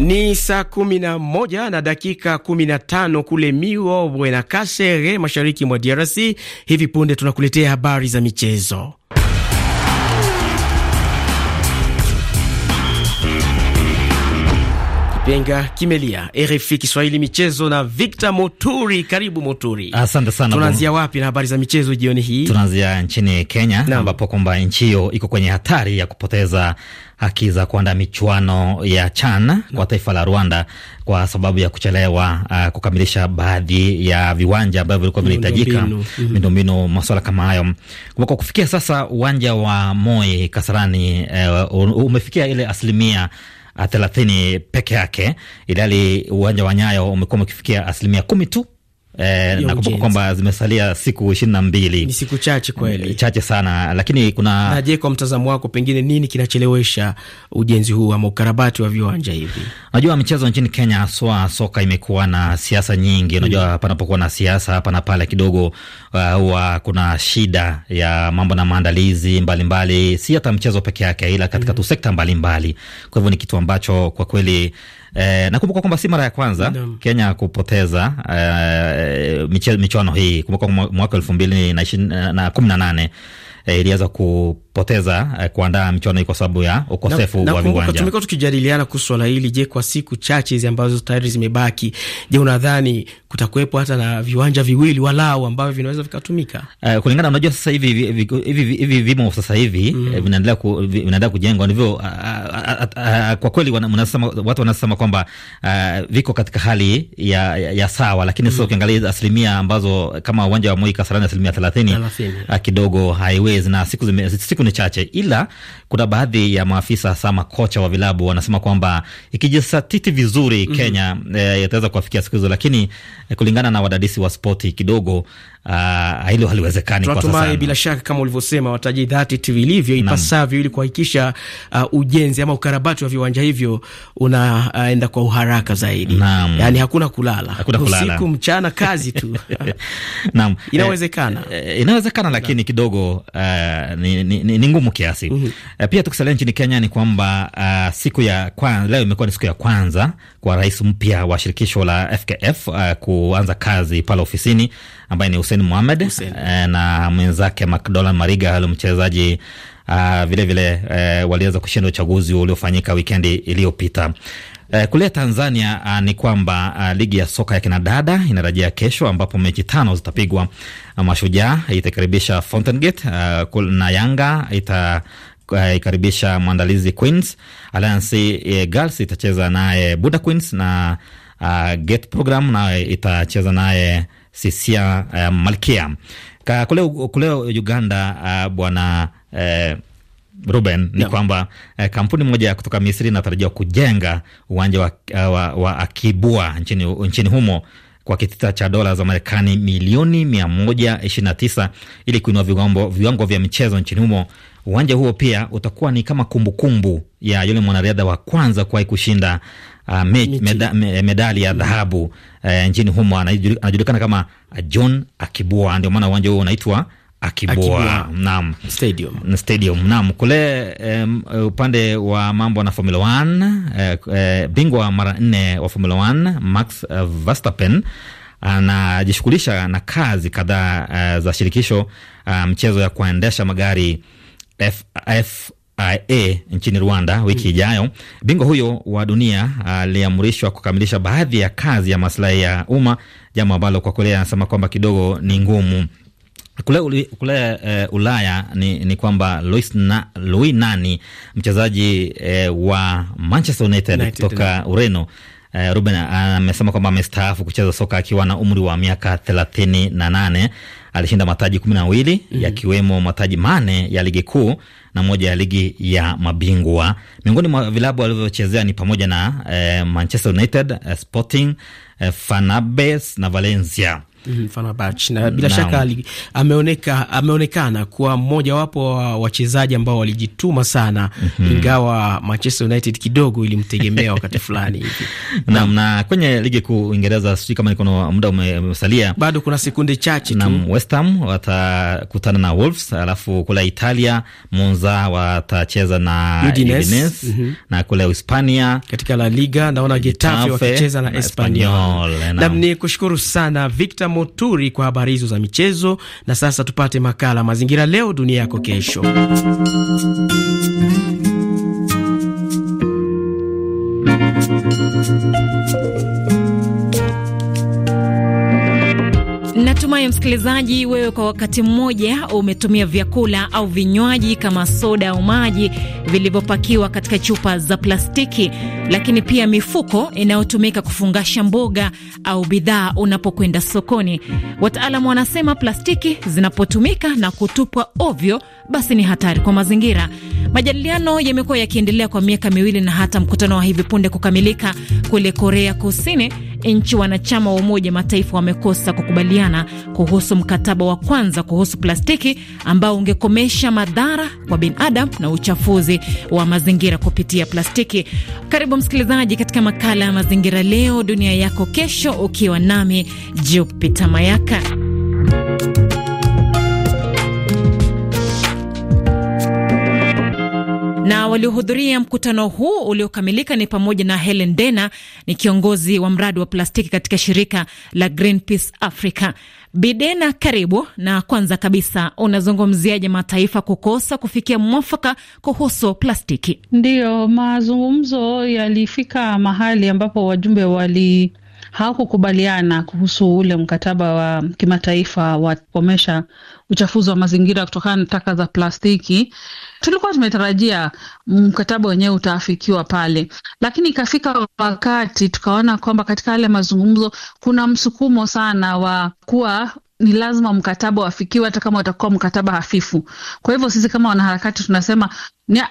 Ni saa kumi na moja na dakika kumi na tano kule Miwo Bwena kasere mashariki mwa DRC. Hivi punde tunakuletea habari za michezo. Benga Kimelia, RFI Kiswahili michezo na Victor Moturi. Karibu Moturi. Asante sana. Tunaanzia wapi na habari za michezo jioni hii? Tunaanzia nchini Kenya ambapo kwamba nchi hiyo iko kwenye hatari ya kupoteza haki za kuandaa michuano ya CHAN kwa taifa la Rwanda kwa sababu ya kuchelewa uh, kukamilisha baadhi ya viwanja ambavyo vilikuwa vinahitajika, miundombinu, mhm. masuala kama hayo. Kwa kufikia sasa uwanja wa Moi Kasarani uh, umefikia ile asilimia thelathini peke yake, ilhali uwanja wa Nyayo umekuwa ukifikia asilimia kumi tu. Eh, nakumbuka kwamba zimesalia siku ishirini na mbili. Ni siku chache kweli, eh, chache sana, lakini kuna naje. Kwa mtazamo wako, pengine nini kinachelewesha ujenzi huu ama ukarabati wa viwanja hivi? Najua michezo nchini Kenya haswa soka imekuwa na siasa nyingi. Mm. Unajua mm, panapokuwa na siasa hapa na pale kidogo uh, huwa uh, kuna shida ya mambo na maandalizi mbalimbali, si hata mchezo peke yake, ila katika mm, tu sekta mbalimbali. Kwa hivyo ni kitu ambacho kwa kweli Eh, nakumbuka kwamba si mara ya kwanza Ndam. Kenya kupoteza eh, michuano hii. Kumbuka mwaka elfu mbili na eh, kumi na nane eh, iliweza kupoteza eh, kuandaa michuano hii kwa sababu ya ukosefu na, wa viwanja. Tumekuwa tukijadiliana kuhusu swala hili. Je, kwa siku chache hizi ambazo tayari zimebaki, je, unadhani kutakuwepo hata na viwanja viwili walau ambavyo vinaweza vikatumika eh, kulingana? Unajua sasa hivi hivi vimo sasa hivi eh, mm. vinaendelea vinaendelea kujengwa, ndivyo kwa kweli wanasema watu wanasema kwamba uh, viko katika hali ya, ya, ya sawa, lakini mm. sasa ukiangalia asilimia ambazo kama uwanja wa Moi Kasarani asilimia thelathini eh, kidogo haiwezi Always na siku, zime, siku ni chache, ila kuna baadhi ya maafisa hasa makocha wa vilabu wanasema kwamba ikijisatiti vizuri mhm. Kenya mm -hmm. e, yataweza kuwafikia siku hizo, lakini e, kulingana na wadadisi wa spoti kidogo uh, hilo haliwezekani kwa sasa. Tunatumai bila shaka kama ulivyosema watajidhatiti vilivyo ipasavyo, ili kuhakikisha uh, ujenzi ama ukarabati wa viwanja hivyo unaenda uh, kwa uharaka zaidi. Naam. Yani hakuna kulala, hakuna kulala usiku mchana, kazi tu naam, inawezekana eh, eh, inawezekana lakini naam, kidogo uh, ni, ni, ni, ni ngumu kiasi mm -hmm. Pia tukisalia nchini Kenya ni kwamba uh, siku ya kwanza leo imekuwa ni siku ya kwanza kwa rais mpya wa shirikisho la FKF uh, kuanza kazi pale ofisini ambaye ni Hussein Mohamed e, na mwenzake McDonald Mariga alo mchezaji vilevile uh, ah, vile, uh, waliweza kushinda uchaguzi uliofanyika wikendi iliyopita. Uh, kule Tanzania uh, ni kwamba uh, ligi ya soka ya kinadada inarajia kesho, ambapo mechi tano zitapigwa. Mashujaa itakaribisha Fountain Gate na Yanga ita ikaribisha mwandalizi Queens. Alliance Girls itacheza naye Buda Queens na uh, Gate Program nayo itacheza naye Sisia uh, Malkia Ka, kule, kule Uganda uh, bwana uh, Ruben ni yeah, kwamba eh, kampuni moja kutoka Misri inatarajiwa kujenga uwanja wa, wa, wa Akibua nchini, nchini humo kwa kitita cha dola za Marekani milioni 129 ili kuinua viwango vya michezo nchini humo Uwanja huo pia utakuwa ni kama kumbukumbu kumbu ya yule mwanariadha wa kwanza kuwahi kushinda uh, me, meda, me, medali ya mm. dhahabu uh, nchini humo. Anajulikana kama John Akibua, ndio maana uwanja huo unaitwa Akiboa naam, stadium, stadium naam, kule um, upande wa mambo na Formula 1 uh, uh, bingwa mara nne wa Formula 1 Max uh, Verstappen anajishughulisha na kazi kadhaa uh, za shirikisho uh, mchezo ya kuendesha magari FIA nchini Rwanda wiki mm. ijayo. Mm. Bingwa huyo wa dunia aliamrishwa kukamilisha baadhi ya kazi ya maslahi ya umma, jambo ambalo kwa Korea anasema kwamba kidogo ni ngumu. Kule, kule uh, Ulaya ni, ni kwamba Luis na, Luis Nani mchezaji uh, wa Manchester United kutoka eh. Ureno Uh, Ruben ah, amesema uh, kwamba amestaafu kucheza soka akiwa na umri wa miaka thelathini na nane. Alishinda mataji kumi na mbili mm -hmm. yakiwemo mataji mane ya ligi kuu na moja ya ligi ya mabingwa. Miongoni mwa vilabu alivyochezea ni pamoja na uh, Manchester United, uh, Sporting, uh, Fanabes na Valencia. Mm-hmm. Fenerbahce na bila shaka ameoneka, ameonekana kuwa mmojawapo wa wachezaji ambao walijituma sana mm -hmm. ingawa Manchester United kidogo ilimtegemea wakati fulani na, na kwenye ligi kuu Uingereza, sijui kama niko muda umesalia, bado kuna sekunde chache tu. West Ham watakutana na Wolves, alafu kule Italia Monza watacheza na Udinese mm -hmm. na kule Hispania katika La Liga naona Getafe wakicheza na Espanyol. Ni kushukuru sana Victor Moturi kwa habari hizo za michezo. Na sasa tupate makala Mazingira Leo Dunia Yako Kesho. Natumai msikilizaji, wewe kwa wakati mmoja umetumia vyakula au vinywaji kama soda au maji vilivyopakiwa katika chupa za plastiki, lakini pia mifuko inayotumika kufungasha mboga au bidhaa unapokwenda sokoni. Wataalamu wanasema plastiki zinapotumika na kutupwa ovyo, basi ni hatari kwa mazingira. Majadiliano yamekuwa yakiendelea kwa miaka miwili na hata mkutano wa hivi punde kukamilika kule Korea Kusini, nchi wanachama wa Umoja Mataifa wamekosa kukubaliana kuhusu mkataba wa kwanza kuhusu plastiki ambao ungekomesha madhara kwa binadamu na uchafuzi wa mazingira kupitia plastiki. Karibu msikilizaji katika makala ya mazingira leo dunia yako kesho, ukiwa nami Jupita Mayaka. waliohudhuria mkutano huu uliokamilika ni pamoja na Helen Dena, ni kiongozi wa mradi wa plastiki katika shirika la Greenpeace Africa. Bidena, karibu. Na kwanza kabisa, unazungumziaje mataifa kukosa kufikia mwafaka kuhusu plastiki? Ndiyo, mazungumzo yalifika mahali ambapo wajumbe wali hawakukubaliana kuhusu ule mkataba wa kimataifa wa kukomesha uchafuzi wa mazingira kutokana na taka za plastiki. Tulikuwa tumetarajia mkataba wenyewe utaafikiwa pale, lakini ikafika wakati tukaona kwamba katika yale mazungumzo kuna msukumo sana wa kuwa ni lazima mkataba wafikiwe hata kama utakuwa mkataba hafifu. Kwa hivyo sisi kama wanaharakati tunasema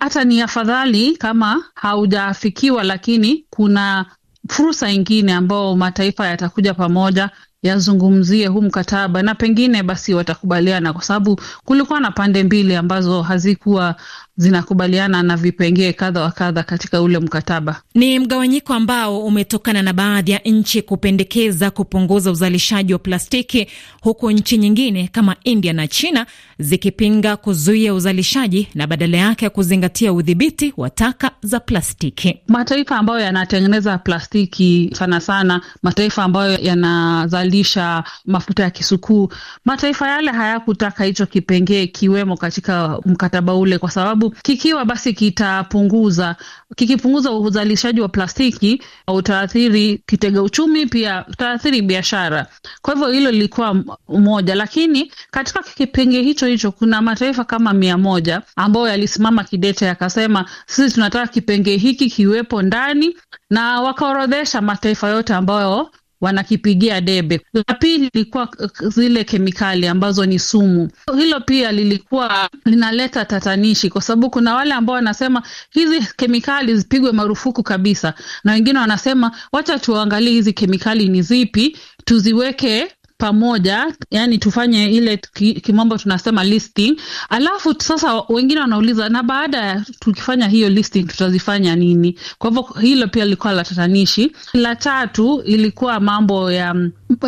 hata ni afadhali kama haujafikiwa, lakini kuna fursa ingine ambao mataifa yatakuja pamoja yazungumzie huu mkataba na pengine basi watakubaliana, kwa sababu kulikuwa na pande mbili ambazo hazikuwa zinakubaliana na vipengee kadha wa kadha katika ule mkataba. Ni mgawanyiko ambao umetokana na baadhi ya nchi kupendekeza kupunguza uzalishaji wa plastiki, huku nchi nyingine kama India na China zikipinga kuzuia uzalishaji na badala yake ya kuzingatia udhibiti wa taka za plastiki. Mataifa ambayo yanatengeneza plastiki sana sana, mataifa ambayo yana kuzalisha mafuta ya kisukuu. Mataifa yale hayakutaka hicho kipengee kiwemo katika mkataba ule, kwa sababu kikiwa basi kitapunguza, kikipunguza uzalishaji wa plastiki utaathiri kitega uchumi, pia utaathiri biashara. Kwa hivyo hilo lilikuwa moja, lakini katika kipengee hicho hicho kuna mataifa kama mia moja ambayo yalisimama kidete yakasema, sisi tunataka kipengee hiki kiwepo ndani na wakaorodhesha mataifa yote ambayo wanakipigia debe. La pili ilikuwa eh, zile kemikali ambazo ni sumu. Hilo pia lilikuwa linaleta tatanishi, kwa sababu kuna wale ambao wanasema hizi kemikali zipigwe marufuku kabisa, na wengine wanasema wacha tuangalie hizi kemikali ni zipi tuziweke pamoja, yani tufanye ile kimombo tunasema listing. Alafu sasa wengine wanauliza na baada ya tukifanya hiyo listing tutazifanya nini? Kwa hivyo hilo pia lilikuwa la tatanishi. La tatu ilikuwa mambo ya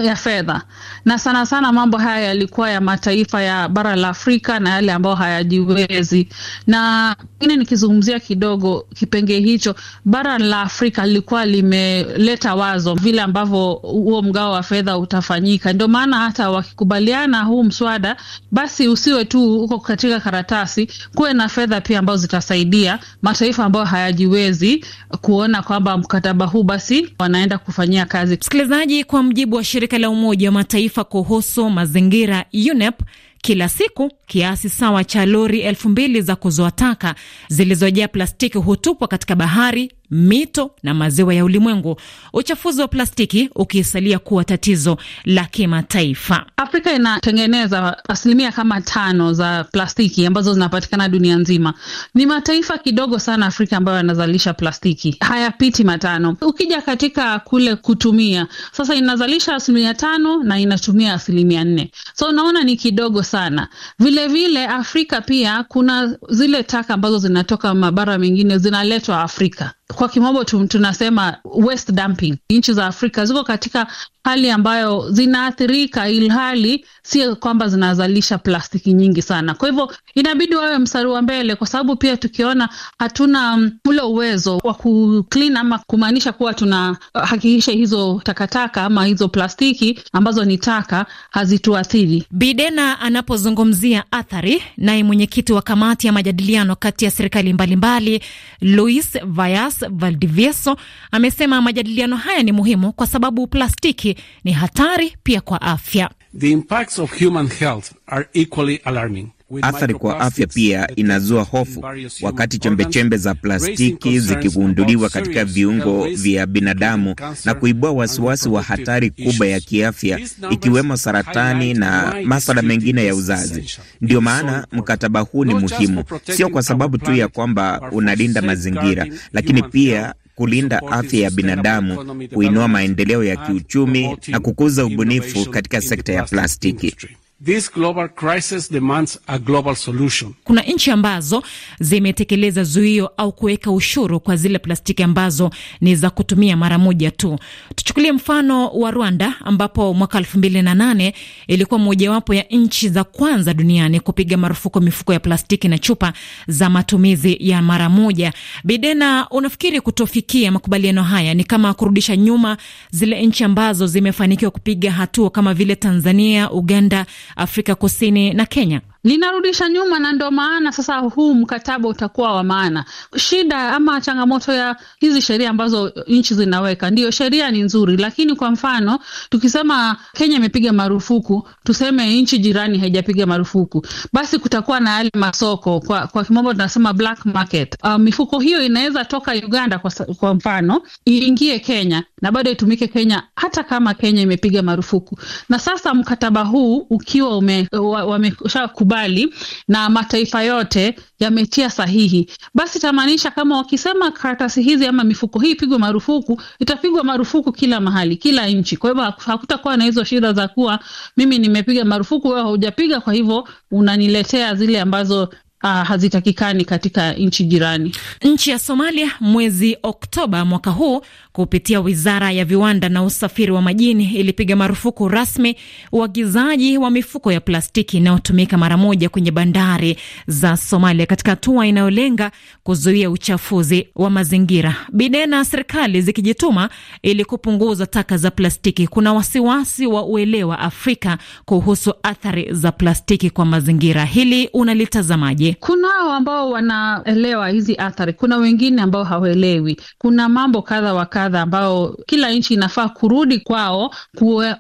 ya fedha, na sana sana mambo haya yalikuwa ya mataifa ya bara la Afrika na yale ambayo hayajiwezi. Na ngine nikizungumzia kidogo kipengee hicho, bara la Afrika lilikuwa limeleta wazo vile ambavyo huo mgao wa fedha utafanyika ndio maana hata wakikubaliana huu mswada, basi usiwe tu huko katika karatasi, kuwe na fedha pia ambazo zitasaidia mataifa ambayo hayajiwezi kuona kwamba mkataba huu basi wanaenda kufanyia kazi. Msikilizaji, kwa mjibu wa shirika la Umoja wa Mataifa kuhusu mazingira UNEP, kila siku kiasi sawa cha lori elfu mbili za kuzoa taka zilizojaa plastiki hutupwa katika bahari mito na maziwa ya ulimwengu, uchafuzi wa plastiki ukisalia kuwa tatizo la kimataifa. Afrika inatengeneza asilimia kama tano za plastiki ambazo zinapatikana dunia nzima. Ni mataifa kidogo sana Afrika ambayo yanazalisha plastiki, hayapiti matano. Ukija katika kule kutumia, sasa inazalisha asilimia tano na inatumia asilimia nne, so unaona ni kidogo sana. Vilevile vile Afrika pia kuna zile taka ambazo zinatoka mabara mengine zinaletwa Afrika kwa kimombo tunasema west dumping. Nchi za Afrika ziko katika hali ambayo zinaathirika, ilhali sio kwamba zinazalisha plastiki nyingi sana. Kwa hivyo inabidi wawe mstari wa mbele, kwa sababu pia tukiona hatuna mm, ule uwezo wa kuclean ama kumaanisha kuwa tunahakikisha uh, hizo takataka ama hizo plastiki ambazo ni taka hazituathiri. Bidena anapozungumzia athari, naye mwenyekiti wa kamati ya majadiliano kati ya serikali mbalimbali Louis Vayas Valdivieso amesema majadiliano haya ni muhimu kwa sababu plastiki ni hatari pia kwa afya. The impacts of human health are equally alarming. Athari kwa afya pia inazua hofu wakati chembechembe za plastiki zikigunduliwa katika viungo vya binadamu na kuibua wasiwasi wa hatari kubwa ya kiafya ikiwemo saratani na masala mengine ya uzazi. Ndiyo maana mkataba huu ni muhimu, sio kwa sababu tu ya kwamba unalinda mazingira, lakini pia kulinda afya ya binadamu, kuinua maendeleo ya kiuchumi na kukuza ubunifu katika sekta ya plastiki. This global crisis demands a global solution. Kuna nchi ambazo zimetekeleza zuio au kuweka ushuru kwa zile plastiki ambazo ni za kutumia mara moja tu. Tuchukulie mfano wa Rwanda ambapo mwaka 2008 mbili na nane ilikuwa mojawapo ya nchi za kwanza duniani kupiga marufuku mifuko ya plastiki na chupa za matumizi ya mara moja. Bidena, unafikiri kutofikia makubaliano haya ni kama kurudisha nyuma zile nchi ambazo zimefanikiwa kupiga hatua kama vile Tanzania, Uganda Afrika Kusini na Kenya linarudisha nyuma, na ndio maana sasa huu mkataba utakuwa wa maana. Shida ama changamoto ya hizi sheria ambazo nchi zinaweka, ndio sheria ni nzuri, lakini kwa mfano tukisema Kenya imepiga marufuku, tuseme nchi jirani haijapiga marufuku, basi kutakuwa na yale masoko, kwa, kwa kimombo tunasema black market. Uh, mifuko hiyo inaweza toka Uganda kwa, kwa mfano iingie Kenya na bado itumike Kenya hata kama Kenya imepiga marufuku. Na sasa mkataba huu ukiwa wameshakubali kukubali na mataifa yote yametia sahihi, basi itamaanisha kama wakisema karatasi hizi ama mifuko hii pigwe marufuku, itapigwa marufuku kila mahali, kila nchi. Kwa hivyo hakutakuwa na hizo shida za kuwa mimi nimepiga marufuku, wewe haujapiga, kwa hivyo unaniletea zile ambazo uh, hazitakikani katika nchi jirani. Nchi ya Somalia mwezi Oktoba mwaka huu kupitia wizara ya viwanda na usafiri wa majini ilipiga marufuku rasmi uagizaji wa mifuko ya plastiki inayotumika mara moja kwenye bandari za Somalia, katika hatua inayolenga kuzuia uchafuzi wa mazingira. Bide na serikali zikijituma ili kupunguza taka za plastiki. Kuna wasiwasi wa uelewa Afrika kuhusu athari za plastiki kwa mazingira, hili unalitazamaje? Kunao ambao wanaelewa hizi athari, kuna wengine ambao hawaelewi. Kuna mambo kadha wa kadha kadha ambao kila nchi inafaa kurudi kwao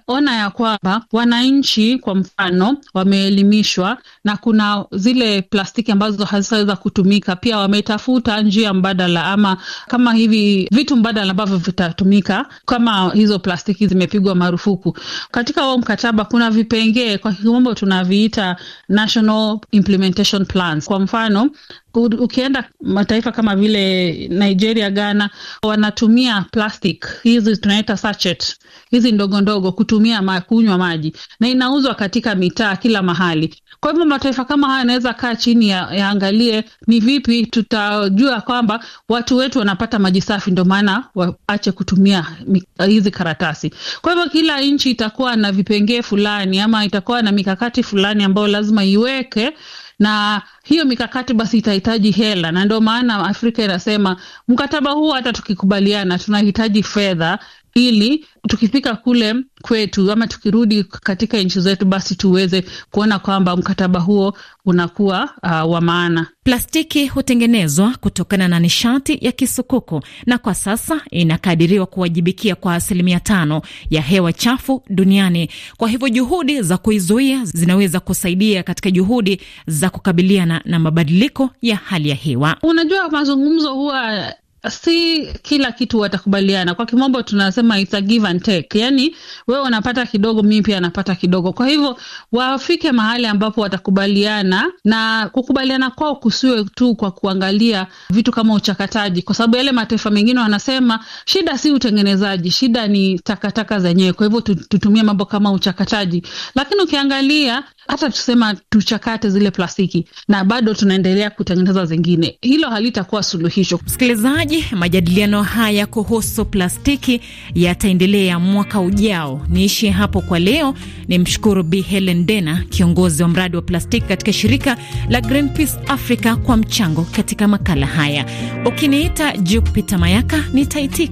kuona ya kwamba wananchi kwa mfano wameelimishwa, na kuna zile plastiki ambazo hazitaweza kutumika. Pia wametafuta njia mbadala ama kama hivi vitu mbadala ambavyo vitatumika kama hizo plastiki zimepigwa marufuku. Katika huo mkataba kuna vipengee, kwa kimombo tunaviita national implementation plans. Kwa mfano Ukienda mataifa kama vile Nigeria, Ghana, wanatumia plastic hizi tunaita sachet hizi ndogo ndogo kutumia ma, kunywa maji na inauzwa katika mitaa kila mahali. Kwa hivyo mataifa kama haya yanaweza kaa chini yaangalie ya ni vipi tutajua kwamba watu wetu wanapata maji safi, ndio maana waache kutumia hizi karatasi. Kwa hivyo kila nchi itakuwa na vipengee fulani ama itakuwa na mikakati fulani ambayo lazima iweke na hiyo mikakati basi itahitaji hela, na ndio maana Afrika inasema mkataba huu hata tukikubaliana tunahitaji fedha ili tukifika kule kwetu ama tukirudi katika nchi zetu, basi tuweze kuona kwamba mkataba huo unakuwa uh, wa maana. Plastiki hutengenezwa kutokana na nishati ya kisukuku na kwa sasa inakadiriwa kuwajibikia kwa asilimia tano ya hewa chafu duniani. Kwa hivyo juhudi za kuizuia zinaweza kusaidia katika juhudi za kukabiliana na mabadiliko ya hali ya hewa. Unajua, mazungumzo huwa si kila kitu watakubaliana. Kwa kimombo tunasema it's a give and take, yani wewe unapata kidogo, mimi pia napata kidogo. Kwa hivyo wafike mahali ambapo watakubaliana, na kukubaliana kwao kusiwe tu kwa kuangalia vitu kama uchakataji, kwa sababu yale mataifa mengine wanasema shida si utengenezaji, shida ni takataka zenyewe. Kwa hivyo tutumie mambo kama uchakataji, lakini ukiangalia hata tusema tuchakate zile plastiki na bado tunaendelea kutengeneza zingine, hilo halitakuwa suluhisho. Msikilizaji Msikilizaji, majadiliano haya kuhusu plastiki yataendelea mwaka ujao. Niishie hapo kwa leo. Ni mshukuru Bi Helen Dena, kiongozi wa mradi wa plastiki katika shirika la Greenpeace Africa, kwa mchango katika makala haya. Ukiniita Jupiter Mayaka nitaitika.